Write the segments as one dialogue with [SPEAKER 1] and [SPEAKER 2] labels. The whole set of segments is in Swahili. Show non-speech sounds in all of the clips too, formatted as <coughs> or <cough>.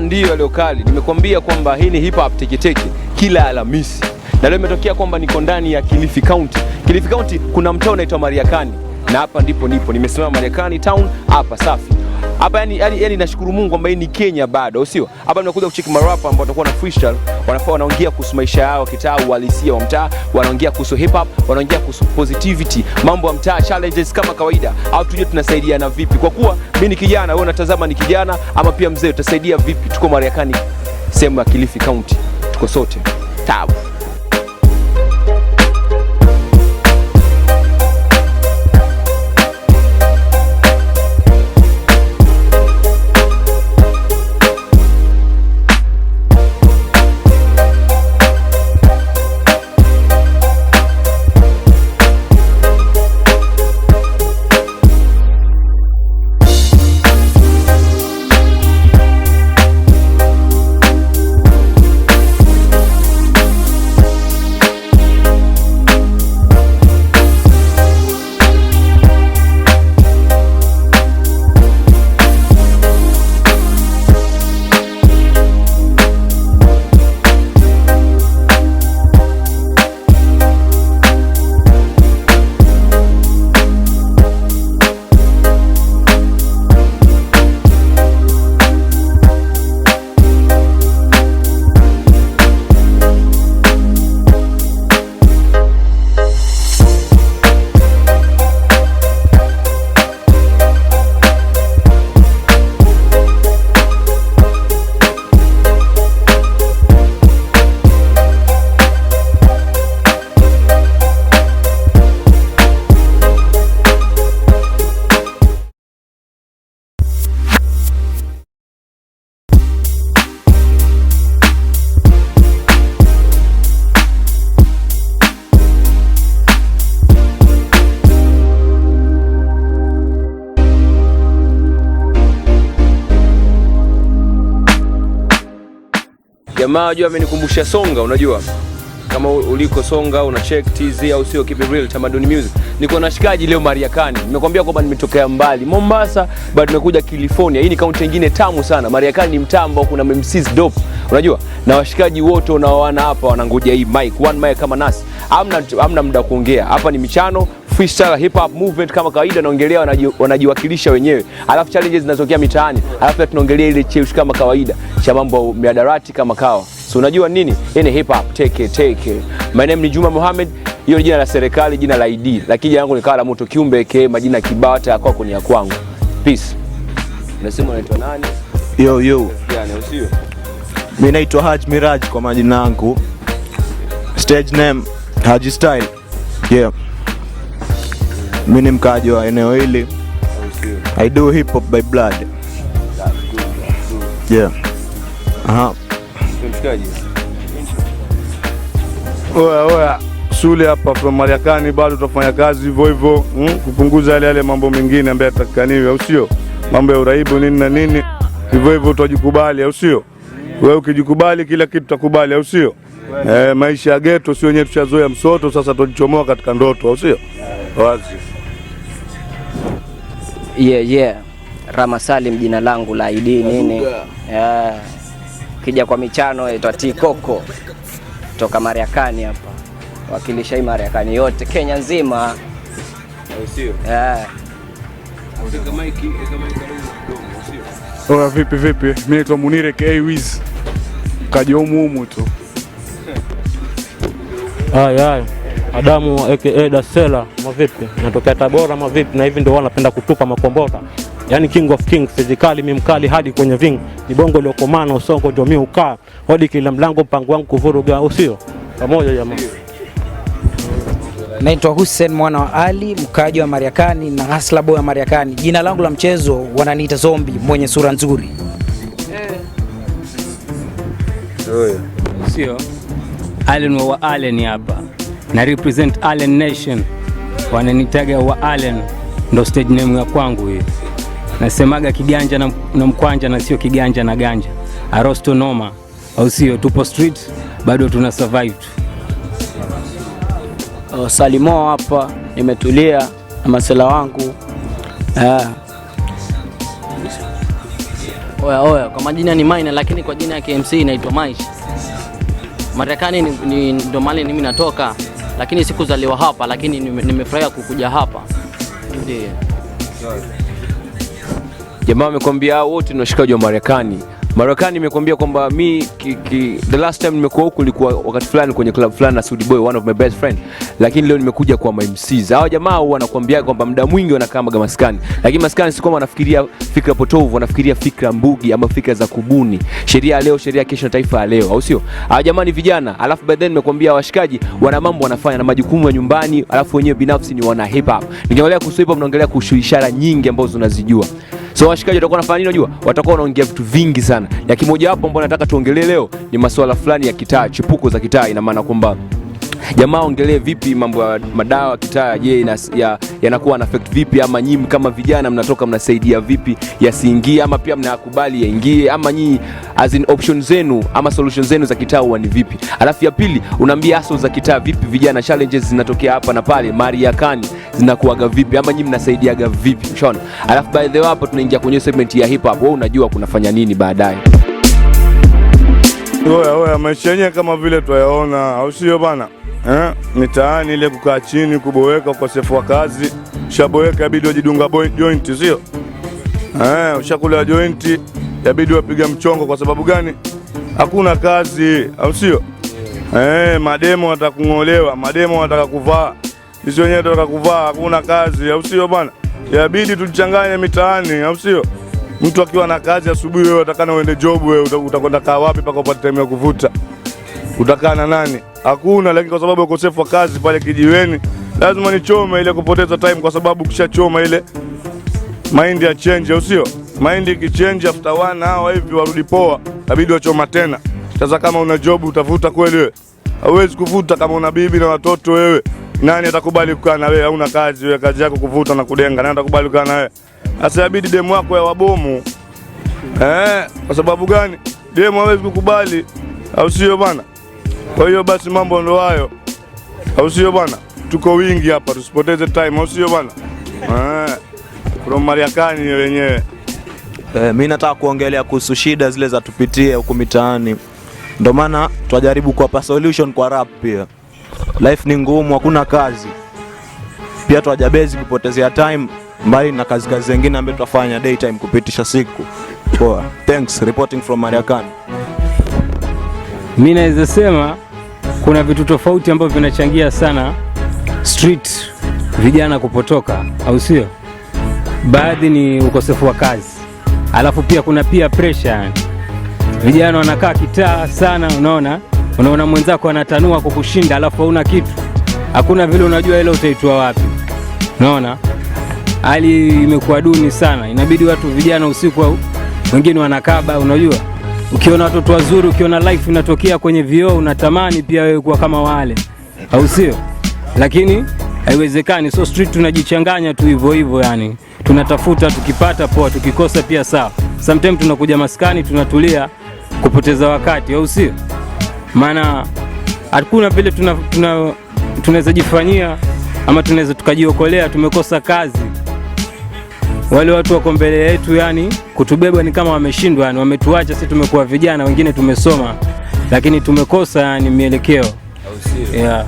[SPEAKER 1] ndio ndiyo kali. Nimekwambia kwamba hii ni hip hop teketeke kila Alhamisi, na leo imetokea kwamba niko ndani ya Kilifi County. Kilifi County kuna mtaa unaitwa Mariakani, na hapa ndipo nipo nimesimama Mariakani town hapa safi hapa yani, yani, yani nashukuru Mungu kwamba hii ni Kenya bado, sio hapa. Tunakuja kucheki marapa ambao watakuwa na freestyle, wanafaa wanaongea kuhusu maisha yao kitaa, uhalisia wa mtaa, wanaongea kuhusu hip hop, wanaongea kuhusu positivity, mambo ya mtaa, challenges kama kawaida, au tujue tunasaidiana vipi, kwa kuwa mimi ni kijana, wewe unatazama ni kijana ama pia mzee, utasaidia vipi? Tuko Mariakani, sehemu ya Kilifi County, tuko sote tabu Jamaa ajua amenikumbusha songa, unajua kama uliko songa una check TZ au sio? Keep it real Tamaduni Music. Niko na shikaji leo Mariakani. Nimekwambia kwamba nimetokea mbali Mombasa, bado nimekuja California. Hii ni kaunti nyingine tamu sana. Mariakani ni mtaa ambao kuna MCs dope, unajua na washikaji wote unaoana hapa wanangoja hii mic, one mic kama nasi. amna amna muda kuongea hapa, ni michano freestyle hip hop movement kama kawaida, naongelea wanajiwakilisha wenyewe, alafu challenges zinazotokea mitaani, alafu tunaongelea ile chesh kama kawaida cha mambo miadarati kama kawa. So unajua nini? Ni hip hop take it, take it. My name ni Juma Mohamed. Hiyo ni jina la serikali, jina la ID. Lakini jina langu ni Kala Moto Kiumbe ke majina kibata kwa kwako ya kwangu. Peace.
[SPEAKER 2] Unasema unaitwa nani? Yo yo. Yaani usio.
[SPEAKER 3] Mimi naitwa Haj Miraj kwa majina yangu. Stage name Haji Style. Yeah. Mimi ni mkaaji wa eneo hili. I do hip hop by blood. Yeah.
[SPEAKER 4] Oya oya, shule hapa kwa Mariakani bado tutafanya kazi hivyo hivyo, hmm? kupunguza yale yale mambo mengine ambayo yatakikaniwe, au sio? Mambo ya uraibu nini na nini, hivyo hivyo utajikubali, au sio? Wewe ukijikubali kila kitu tutakubali, au sio? Eh, maisha ya geto sio yenyewe, tushazoea msoto, sasa tujichomoa katika ndoto, au sio? Wazi.
[SPEAKER 5] Yeah, yeah. Rama Salim jina langu la ID nini? Yeah kija kwa michano inaitwa tikoko toka mariakani hapa, wakilisha hii Mariakani yote, Kenya nzima yeah.
[SPEAKER 6] Oh, eh. Oya, vipi vipi, mimi naitwa Munire ka Wiz, kaja humu tu
[SPEAKER 7] ay Adamu aka Dasela, mavipi natokea Tabora, mavipi na hivi ndio wanapenda kutupa makombora yani king of king, fizikali mi mkali hadi kwenye ving, ni bongo lioko na usongo, ndio mimi ukaa hadi kila mlango, mpango wangu kuvuruga, sio pamoja jamaa.
[SPEAKER 8] Naitwa Hussein mwana wa Ali, mkaji wa Mariakani na hasla boy wa Mariakani. Jina langu la mchezo wananiita Zombi mwenye sura nzuri.
[SPEAKER 9] Sio Allen wa Allen hapa na represent Allen Nation, wananitaga wa Allen, ndo stage name ya kwangu hii Nasemaga kiganja na, na mkwanja na sio kiganja na ganja. Arosto noma, au sio? Tupo street bado tuna survive tu.
[SPEAKER 10] Uh, Salimo hapa nimetulia na masela wangu yeah.
[SPEAKER 11] Oya, oya, kwa majina ni Maina lakini kwa jina ya KMC inaitwa Maisha. Marekani ni ndo mali mimi natoka, lakini sikuzaliwa hapa, lakini nimefurahia kukuja hapa, ndio
[SPEAKER 1] jamaa amekwambia ah, wote ni washikaji wa Marekani. Marekani imekwambia kwamba mi ki, ki, the last time nimekuwa huku ilikuwa wakati fulani kwenye club fulani na Sudi Boy one of my best friend, lakini leo nimekuja kwa my MCs. Hao jamaa huwa wanakuambia kwamba muda mwingi wanakaa maga maskani, lakini maskani si kwamba wanafikiria fikra potovu, wanafikiria fikra mbugi ama fikra za kubuni, sheria ya leo, sheria ya kesho na taifa ya leo, au sio? Hao jamaa ni vijana, alafu by then nimekuambia washikaji wana mambo wanafanya na majukumu ya nyumbani, alafu wenyewe binafsi ni wana hip hop. Nikiangalia kuhusu hip hop, naongelea kuhusu ishara nyingi ambazo unazijua So washikaji watakuwa wanafanya nini? Unajua, watakuwa wanaongea vitu vingi sana, na wapo ambao nataka tuongelee leo ni masuala fulani ya kitaa, chipuko za kitaa. Ina maana kwamba jamaa ongelee vipi mambo ya madawa kitaa, je, yanakuwa ya na affect vipi? Ama nyinyi kama vijana mnatoka mnasaidia vipi yasiingie, ama pia mnayakubali yaingie, ama nyinyi as in option zenu ama solution zenu za kitaa huwa ni vipi? Alafu ya pili unaambia hustle za kitaa vipi, vijana challenges zinatokea hapa na pale, ya kani zinakuaga vipi, ama nyinyi mnasaidiaga vipi? Unaona, alafu by the way, hapo tunaingia kwenye segment ya hip hop. Wewe unajua kunafanya nini baadaye.
[SPEAKER 4] Oya oya, maisha yenyewe kama vile twayaona, au sio bana? Eh, mitaani ile kukaa chini kuboweka, ukosefu wa kazi, ushaboweka yabidi wajidunga joint, sio eh? Ushakula jointi yabidi wapiga mchongo. Kwa sababu gani? Hakuna kazi, au sio? Eh, mademo watakungolewa mademo wanataka kuvaa, sisi wenyewe tunataka kuvaa, hakuna kazi, au sio bana? Yabidi tujichanganye mitaani, au sio? Mtu akiwa na kazi asubuhi, wewe utakana uende job, wewe utakwenda kaa wapi mpaka upate time ya kuvuta? Utakaa na nani? Hakuna. Lakini kwa sababu ukosefu wa kazi pale kijiweni, lazima nichome ile kupoteza time, kwa sababu kisha choma ile mind ya change, au sio? Mahindi ikichange after one hour hivi warudi poa, inabidi wachoma tena. Sasa kama una job utavuta kweli wewe? Hauwezi kuvuta kama una bibi na watoto wewe. Nani atakubali kukaa na wewe? Hauna kazi wewe, kazi yako kuvuta na kudenga. Nani atakubali kukaa na wewe? Sasa inabidi demu yako ya wabomu eh, kwa sababu gani? Demu hawezi kukubali, au sio bwana? Kwa hiyo basi mambo ndo hayo, au sio bwana? Tuko wingi hapa, tusipoteze time, au sio bwana? Eh, from Mariakani wenyewe.
[SPEAKER 12] Eh, mi nataka kuongelea kuhusu shida zile za tupitie huku mitaani, ndo maana twajaribu kuwapa solution kwa rap pia. Life ni ngumu, hakuna kazi pia, twajabezi kupotezea time mbali na kazi kazi zingine ambazo tutafanya daytime kupitisha siku. Poa. Thanks reporting from Mariakani.
[SPEAKER 13] Mimi naweza sema kuna vitu tofauti ambavyo vinachangia sana street vijana kupotoka, au sio? Baadhi ni ukosefu wa kazi, alafu pia kuna pia pressure. Yani vijana wanakaa kitaa sana, unaona unaona mwenzako anatanua kukushinda, alafu hauna kitu, hakuna vile unajua ile utaitwa wapi, unaona hali imekuwa duni sana, inabidi watu vijana usiku wengine wanakaba. Unajua, ukiona watoto wazuri, ukiona life inatokea kwenye vioo, unatamani pia wewe kuwa kama wale, au sio? Lakini haiwezekani, so street tunajichanganya tu hivyo hivyo, yani tunatafuta, tukipata poa, tukikosa pia sawa. Sometimes tunakuja maskani tunatulia kupoteza wakati, au sio? Maana hakuna vile tunaweza tuna, tuna jifanyia ama tunaweza tukajiokolea. Tumekosa kazi wale watu wako mbele yetu, yani kutubeba ni kama wameshindwa, yani wametuacha sisi. Tumekuwa vijana wengine tumesoma, lakini tumekosa yani mielekeo. Yeah.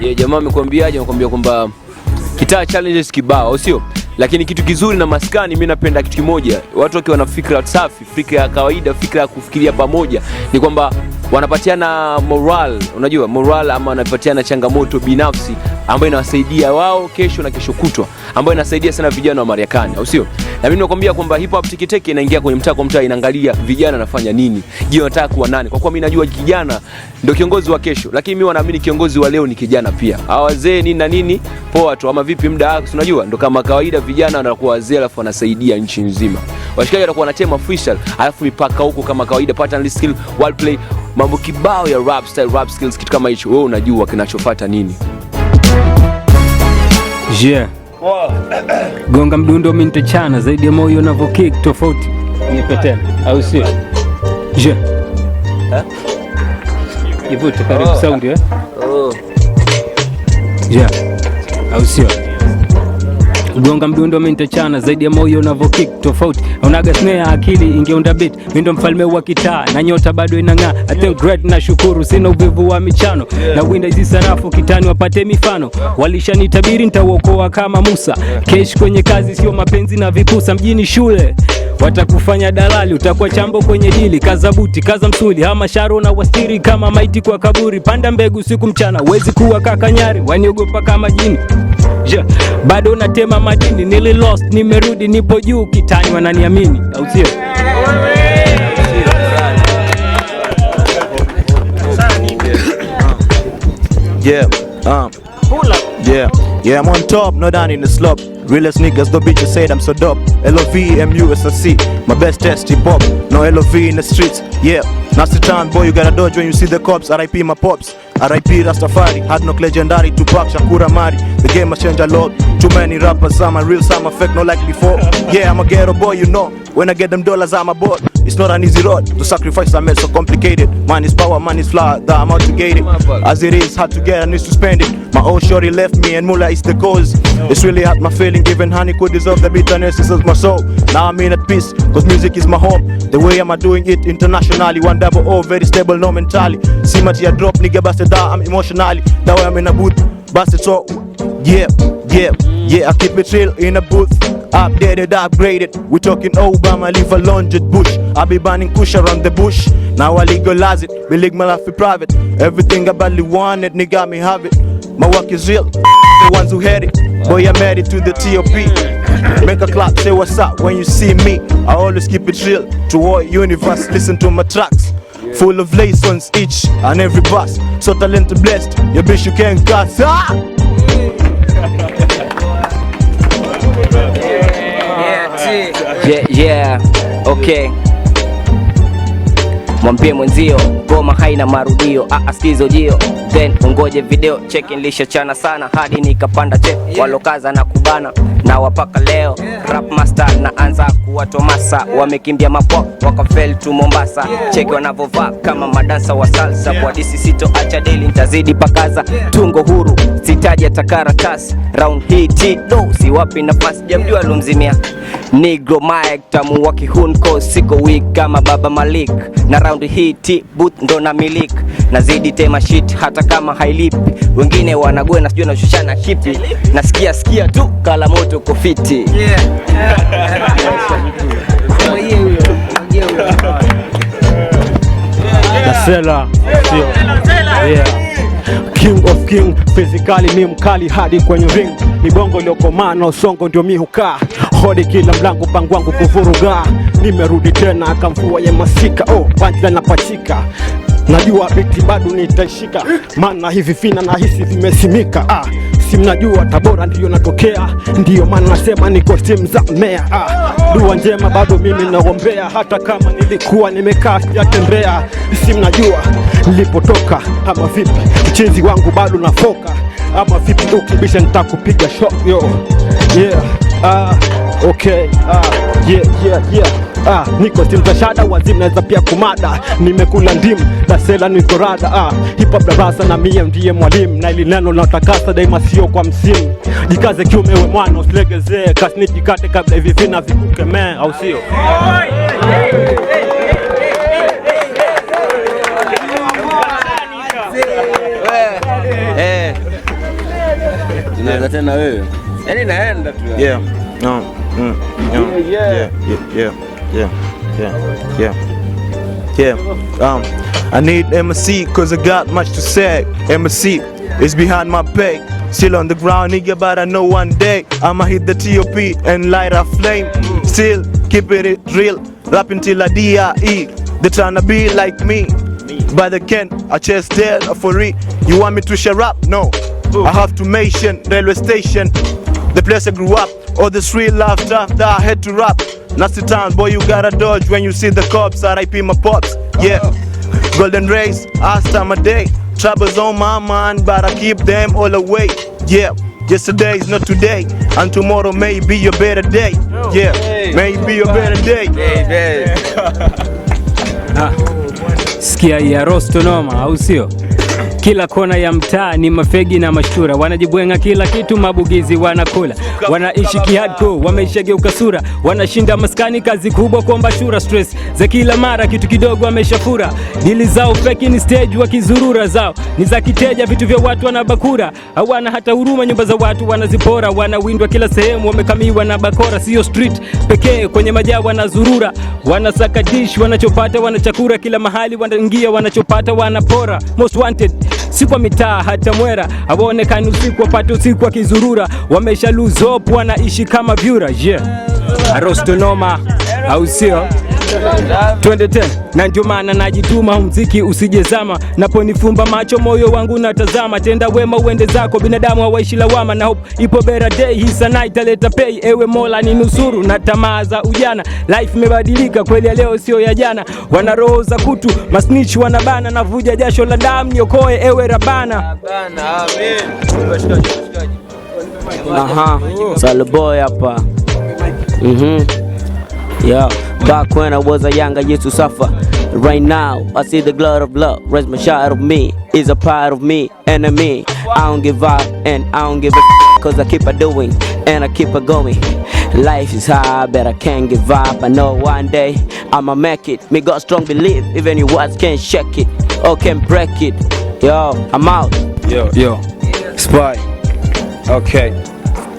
[SPEAKER 14] Yeah, jamaa amekwambiaje? Amekwambia kwamba kitaa challenges kibao, au sio? Lakini kitu kizuri na maskani, mimi napenda kitu kimoja, watu wakiwa na fikra safi, fikra ya kawaida, fikra ya kufikiria pamoja, ni kwamba wanapatiana moral, unajua moral ama wanapatiana changamoto binafsi ambayo inawasaidia wao kesho na kesho kutwa, ambayo inasaidia sana vijana wa Marekani, au sio? Na mimi nakwambia kwamba hip hop tikiteki inaingia kwenye mtaa kwa mtaa, inaangalia vijana wanafanya nini. Je, wanataka kuwa nani? Kwa kuwa mimi najua kijana ndio kiongozi wa kesho, lakini mimi wanaamini kiongozi wa leo ni kijana pia. Hawa wazee nini na nini, poa tu ama vipi, muda wako unajua, ndio kama kawaida, vijana wanakuwa wazee alafu wanasaidia nchi nzima. Washikaji watakuwa wanachema freestyle alafu mipaka huko kama kawaida, pattern skill, wordplay mambo kibao ya rap style, rap skills, kitu kama hicho. Wewe unajua kinachofuata nini?
[SPEAKER 15] Yeah. Wow. Gonga mdundo mimi nitachana zaidi ya moyo na kick tofauti
[SPEAKER 16] nipetena, au sio? Je. Eh? Ivute karibu oh. sound eh? Oh.
[SPEAKER 15] Je. Au sio? Kugonga mdundo mimi nitachana zaidi ya moyo unavo kick tofauti. Unaga snare ya akili ingeunda beat. Mimi ndo mfalme wa kitaa na nyota bado inang'aa. I think great na shukuru sina uvivu wa michano. Na winda hizi sarafu kitani wapate mifano. Walishanitabiri nitaokoa kama Musa. Kesh kwenye kazi sio mapenzi na vipusa mjini shule. Watakufanya dalali, utakuwa chambo kwenye dili. Kaza buti, kaza msuli, hama sharo na wastiri kama maiti kwa kaburi. Panda mbegu siku mchana, wezi kuwa kakanyari, waniogopa kama jini kuja, bado unatema madini. Nili lost nimerudi, nipo juu kitani, wananiamini au sio?
[SPEAKER 17] Yeah, um. Yeah, yeah, I'm on top, no down in the slop. Realest niggas, the bitches said I'm so dope. L-O-V-M-U-S-S-C, my best test, hip hop. No L-O-V in the streets, yeah. Nasty town, boy, you gotta dodge when you see the cops. RIP my pops. RIP Rastafari, had no legendary Tupac Shakur Mari. The game has changed a lot. Too many rappers, some are real, some are fake, no like before. Yeah, I'm a ghetto boy, you know. When I get them dollars, I'm a boy. It's not an easy road. to sacrifice I made so complicated. Mine is power, man is flower that I'm out to get it. As it is, hard to get, I need to spend it. My old shorty left me and Mula is the cause. It's really hard, my feeling. Even honey could dissolve the bitterness is my soul. Now I'm in at peace, cause music is my home. The way I'm doing it internationally. One double O, very stable, no mentally. See my tear drop, nigga, bastard, I'm emotionally. That way I'm in a booth. Bastard, so yeah, yeah, yeah, I keep it chill in a booth. Updated, upgraded. we talking Obama, leave a lunged bush. I be banning Kush around the bush. Now I legalize it, believe my life be private. Everything I badly wanted, nigga, me have it. My work is real, the ones who had it. Boy, I'm married to the TOP. Make a clap, say what's up when you see me. I always keep it real to all universe. Listen to my tracks. Full of lessons each and every bus. So talented, blessed. Your bitch, you can't cuss. Ah!
[SPEAKER 18] Yeah, yeah. Okay. Mwambie mwenzio goma haina marudio, aa, jio then ungoje video cheki, nilishachana sana hadi nikapanda che Walokaza na kubana na wapaka leo Rap master na anza kuwa Tomasa Wamekimbia mapwa wakafel tu Mombasa Cheki wanavovaa kama madansa wa salsa yeah. Kwa disi sito acha deli ntazidi pakaza Tungo huru sitaji hata karatasi round no si wapi nafasi jamjua Lumzimia Negro Mike tamu wa kihunko siko weak kama Baba Malik na round hii t boot ndo na milik nazidi tema shit hata kama hailipi, wengine wanagwena sijui nashushana kipi, nasikia sikia tu kala moto kofiti yeah.
[SPEAKER 19] Nasela
[SPEAKER 20] King of king physically mi mkali hadi kwenye ring, mibongo iliyokomaa na usongo ndio mi hukaa hodi kila mlango, pangwangu wangu kuvuruga. Nimerudi tena kamvua ye masika, oh punchline napachika najua biti bado nitaishika, maana hivi fina nahisi vimesimika. Ah, si mnajua Tabora ndiyo natokea, ndiyo maana nasema niko simu za mmea. Ah, dua njema bado mimi naombea, hata kama nilikuwa nimekaa sijatembea. Si mnajua nilipotoka ama vipi? Mchezi wangu bado nafoka ama vipi? Ukibisha nitakupiga shot yo yeah. Ah, okay. Ah, yeah, yeah, yeah ah, niko still za shada wazimu, naweza pia kumada, nimekula ndim na sela ni rada ah, hip hop darasa na mie ndiye mwalimu, na ili neno utakasa daima, sio kwa msimu. Jikaze kiume, we mwana ni kasnijikate kabla hivi vina vikukemee, au sio?
[SPEAKER 21] Tunaenda tena wewe.
[SPEAKER 22] Yaani naenda tu.
[SPEAKER 23] Yeah. No. Mm. Yeah. Yeah. Yeah. yeah, yeah, yeah, yeah. Um, I need MSC cause I got much to say. MSC is behind my back. Still on the ground, nigga, but I know one day I'ma hit the TOP and light a flame. Still keeping it real, rapping till I DIE. They tryna be like me, but they can't. I just tell for it. You want me to share up? No. I have to mention railway station, the place I grew up, all this real love stuff that I had to rap. Nasitan, boy, you gotta dodge when you see the cops. RIP my pops, yeah. Golden rays, last time a day. Troubles on my mind, but I keep them all away, yeah. Yesterday is not today, and tomorrow may be a better day. Yeah, may be a better day. Yeah.
[SPEAKER 24] <laughs> Sikia ya rosto noma, au sio? Kila kona ya mtaa ni mafegi na mashura, wanajibwenga kila kitu, mabugizi wanakula, wanaishi kihadko, wameishageuka sura, wanashinda maskani, kazi kubwa kuomba shura, stress za kila mara, kitu kidogo wameshafura, dili zao feki ni stage, wakizurura zao ni za kiteja, vitu vya watu wanabakura, hawana hata huruma, nyumba za watu wanazipora, wanawindwa kila sehemu, wamekamiwa na bakora, sio street pekee, kwenye majaa wanazurura, wanasakatish, wanachopata wanachakura, kila mahali wanaingia, wanachopata wanapora, most wanted si kwa mitaa hata mwera, hawaonekani usiku, wapate usiku wakizurura, kizurura wameshaluzopu wanaishi kama vyura. Je, yeah. Arostonoma au sio? 2010 na ndio maana najituma, mziki usijezama, naponifumba macho moyo wangu natazama, tenda wema uende zako, binadamu hawaishi lawama, na hope ipo bera day, hii sanaa italeta pay. Ewe Mola ni nusuru na tamaa za ujana, life imebadilika kweli, ya leo sio ya jana, wana roho za kutu, masnitch wanabana, navuja jasho la damu, niokoe ewe Rabana.
[SPEAKER 18] Aha, Salboy hapa. Mhm. Yeah. Back when I was a young, I used to suffer. Right now, I see the blood of love. Raise my shot of me, is a part of me, enemy. I don't give up and I don't give a cause I keep a doing and I keep a going. Life is hard, but I can't give up. I know one day I'ma make it. Me got strong belief, even your words can't shake it or can't break it. Yo, I'm out.
[SPEAKER 25] Yo, yo, spy. Okay.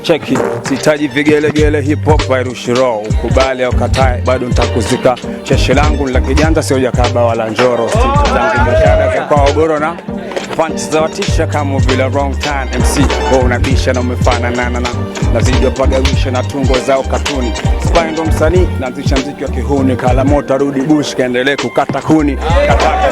[SPEAKER 25] Cheki, sihitaji vigelegele, hip hop hairushi roho, ukubali au katae, bado nitakuzika. Sheshe langu la kijanja sijakaba wala njoro, zangu biashara oh, za kwao bora na fanti za watisha kama vile wrong time MC wewe unabisha na umefanana na nazidi wapagawisha na tungo zao katuni spine ndo msanii naanzisha mziki wa kihuni kala moto arudi bush kaendelee kukata kuni kataka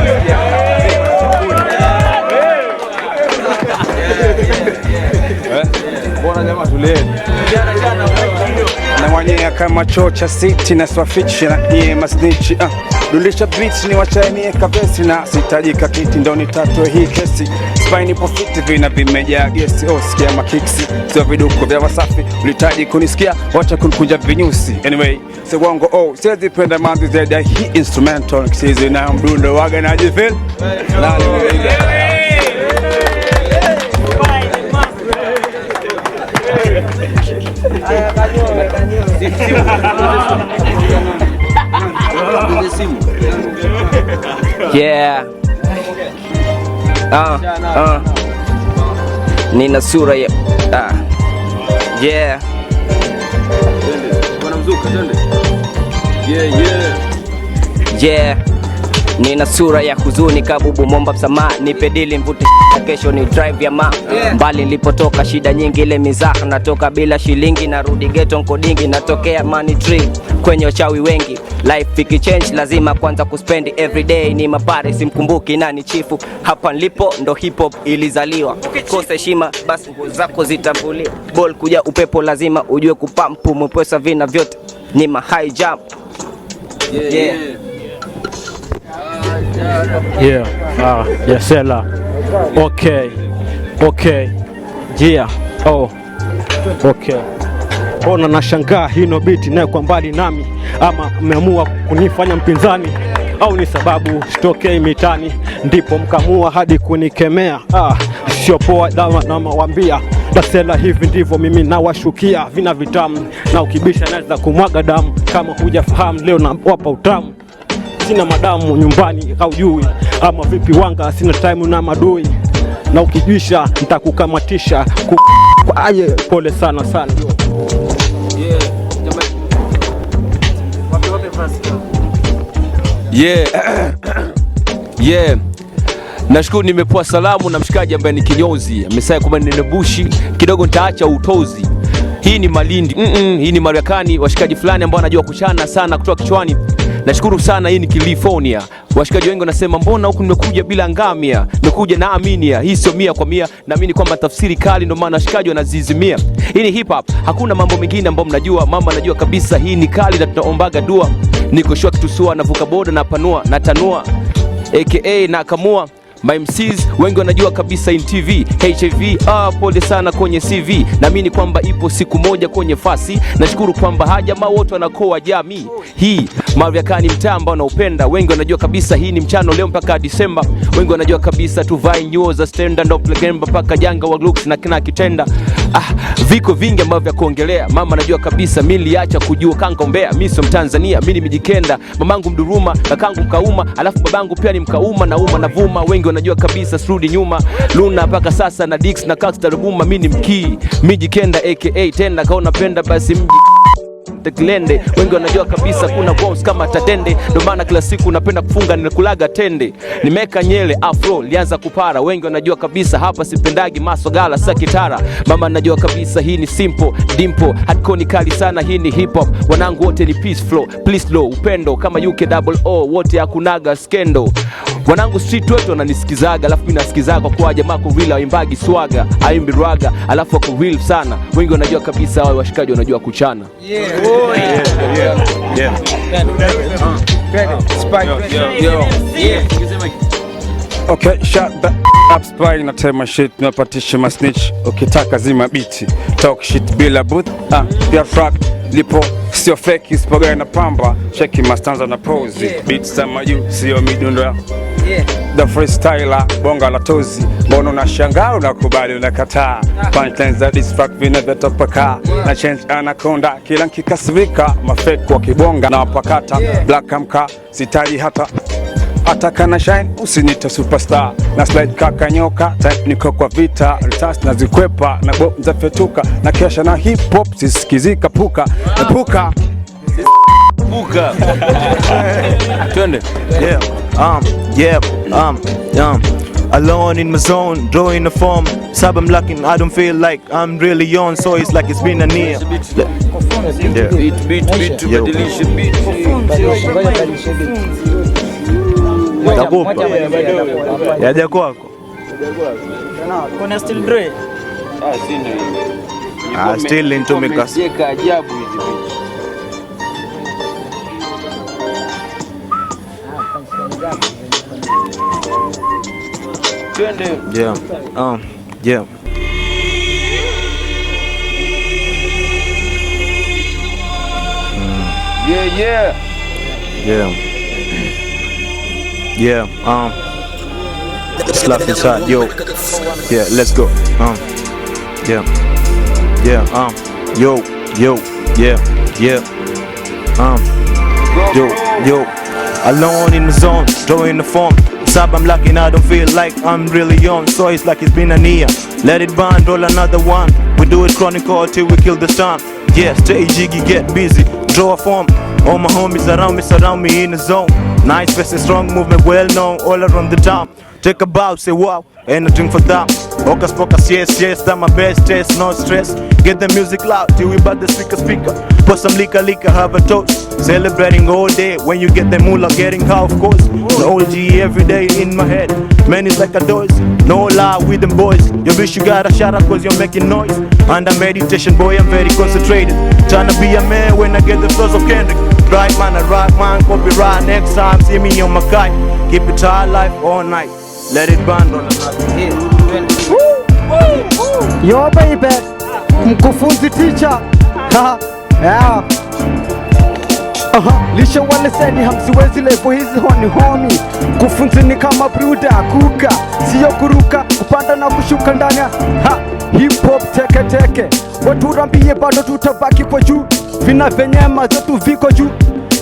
[SPEAKER 26] na wanyea kama choo cha siti na swafichi na nye masnichi uh. Ah. Dulisha bichi ni wachainie kavesi na sitajika kiti ndo nitatue hii kesi spine pofiti vina vimejaa gesi oh, sikia makiksi sio viduko vya Wasafi ulitaji kunisikia wacha kunkunja vinyusi anyway si wongo oh, siwezi penda manzi zaidi ya hii instrumental kisizi na mdundo waga na jifil
[SPEAKER 18] <laughs> Yeah. Uh, uh. Nina sura ya uh. Yeah. Yeah, yeah. Yeah. Nina sura ya huzuni kabubu momba msamaha, nipe dili mvute kesho ni drive ya ma mbali nilipotoka, shida nyingi ile mizaha, natoka bila shilingi narudi ghetto nkodingi, natokea money tree kwenye wachawi wengi, life ikichange lazima kwanza kuspendi everyday ni mapare, simkumbuki nani chifu hapa nilipo ndo hip hop ilizaliwa, kosa heshima basi nguo zako zitambulia, ball kuja upepo lazima ujue kupampu mwepesa vina vyote ni ma jam yeah, yeah. yeah.
[SPEAKER 27] Yeah. Ah, Yesela. Okay. Okay. Yeah. Oh. Okay. Ona nashangaa hino biti nayo kwa mbali nami, ama mmeamua kunifanya mpinzani au ni sababu sitokei mitani, ndipo mkamua hadi kunikemea? Ah, sio poa dawa na mawambia Yesela, hivi ndivyo mimi nawashukia, vina vitamu na ukibisha naweza kumwaga damu. Kama hujafahamu leo nawapa utamu sina madamu nyumbani, haujui ama vipi? Wanga sina time na madui, na ukijisha nitakukamatisha aye. Pole sana sana.
[SPEAKER 23] Yeah. <coughs> Yeah. Nashukuru nimepoa salamu na mshikaji ambaye ni kinyozi amesaya kwamba nene bushi kidogo, nitaacha utozi. Hii ni Malindi. Mm -mm, hii ni Marekani, washikaji fulani ambao wanajua kuchana sana kutoka kichwani Nashukuru sana, hii ni California. Washikaji wengi wanasema mbona huku nimekuja bila ngamia, nimekuja na Aminia. Hii sio mia kwa mia, naamini kwamba tafsiri kali, ndio maana washikaji wanazizimia. Hii ni hip hop, hakuna mambo mengine ambayo mnajua. Mama anajua kabisa hii ni kali, na tunaombaga dua. Niko shua kitusua, navuka boda, napanua, natanua aka na kamua My MCs wengi wanajua kabisa in TV HIV, ah, pole sana kwenye CV. Naamini kwamba ipo siku moja kwenye fasi. Nashukuru kwamba hajamaa wote wanakoa jamii hii Mavyakani, mtaa ambao naupenda. Wengi wanajua kabisa hii ni mchano leo mpaka Disemba. Wengi wanajua kabisa tuvae nyuo za standard mpaka janga wa looks na kina kitenda Ah, viko vingi ambavyo vya kuongelea. Mama najua kabisa mimi niliacha kujua kanga umbea. Mimi sio Mtanzania, mimi ni Mijikenda. Mamangu Mduruma, kakangu Mkauma, alafu babangu pia ni Mkauma na uma na vuma. Wengi wanajua kabisa surudi nyuma. Luna mpaka sasa na Dix na Kaxta Rubuma, mimi ni Mkii. Mijikenda aka tena kaona penda basi mji the glende, wengi wanajua kabisa kuna bounce kama tatende. Ndio maana kila siku napenda kufunga ninakulaga tende, nimeka nyele afro lianza kupara. Wengi wanajua kabisa hapa sipendagi maswagala sa kitara. Mama najua kabisa hii ni simple dimpo ni kali sana, hii ni hip hop. Wanangu wote ni peace flow please low upendo kama UK double O wote hakunaga skendo Wanangu street wetu wananisikizaga, alafu mimi nasikizaga kwa kuwa jamaa kwa vile waimbagi swaga, aimbi rwaga, alafu wako real sana. Wengi wanajua kabisa wao washikaji wanajua kuchana. Yeah. Oh, yeah. Yeah. Yeah.
[SPEAKER 25] Yeah. Yeah. Okay, shut the up spy na tema shit na masnitch. Ukitaka zima biti. Talk shit bila booth. Ah, pia frack lipo sio fake, isipogawe na pamba, cheki mastanza na pose yeah. Beats sama juu sio midundo yeah. The freestyler bonga la tozi, na unashangaa, unakubali, unakataa yeah. Punchlines za diss yeah. Na change anakonda kila nkikasirika, mafake wakibonga na wapakata yeah. Black amka sitaji hata hata kana shine, usinita superstar na slide kaka nyoka type, niko kwa vita ritas na zikwepa na bomb za fetuka na kesha na hip hop sisikizika puka epuka
[SPEAKER 23] puka twende yeah um yeah um um Alone in my zone, drawing a form. Sub I'm lacking, I don't feel like I'm really on, so it's like it's been a near. Yeah. Yeah. Yeah. Yeah. Yeah. Yeah. Yeah. Yeah. Nitakupa yaja kwako. still ah, nitumika. Ah, ah, yeah, yeah. Yeah. Yeah, um. Slap inside, yo. Yeah, let's go. Um. Yeah. Yeah, um. Yo, yo, yeah, yeah. Um. Yo, yo. Alone in the zone, drawing the form. Sub, I'm lacking, I don't feel like I'm really on. So it's like it's been a year. Let it burn, roll another one. We do it chronicle till we kill the sun. Yeah, stay jiggy, get busy, draw a form. All my homies around me, surround me in the zone. Nice face, a strong movement, well known all around the town. Take a bow, say wow, anything for that. Focus, focus, yes, yes, that my best test, no stress. Get the music loud till we bout the speaker, speaker. Put some liquor, liquor, have a toast. Celebrating all day when you get the moolah, getting high, of course. The OG every day in my head. Man is like a dose, no lie with them boys. You wish you got a shout out cause you're making noise. Under meditation, boy, I'm very concentrated. Trying to be a man when I get the first of Kendrick. bright man, a rock man, copyright. Next time, see me on my kite. Keep it all life all night. Let it burn. on
[SPEAKER 28] Yo baby, mkufunzi teacher. Yeah. Aha, lisha waleseni hamsiwezi levo hizi honi homi. Kufunzi ni kama bruda kuka, sio kuruka, kupanda na kushuka ndani. Ha, hip hop teke teke. Watu rambie bado tutabaki kwa juu vina venye mazetu viko juu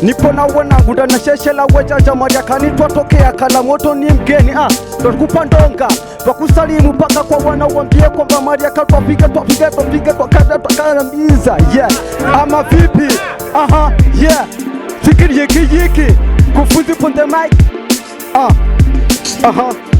[SPEAKER 28] nipo nawona nguda na sheshela weja jamaria kanitwatokea kala moto ni mgeni ah, twakupa ndonga twakusalimu paka kwa wana wambie kwamba maria katwapiga twapiga twapiga twakada twakanamiza yeah. ama vipi aha yeah fikiri yikiyiki kufuzi punde mike ah. aha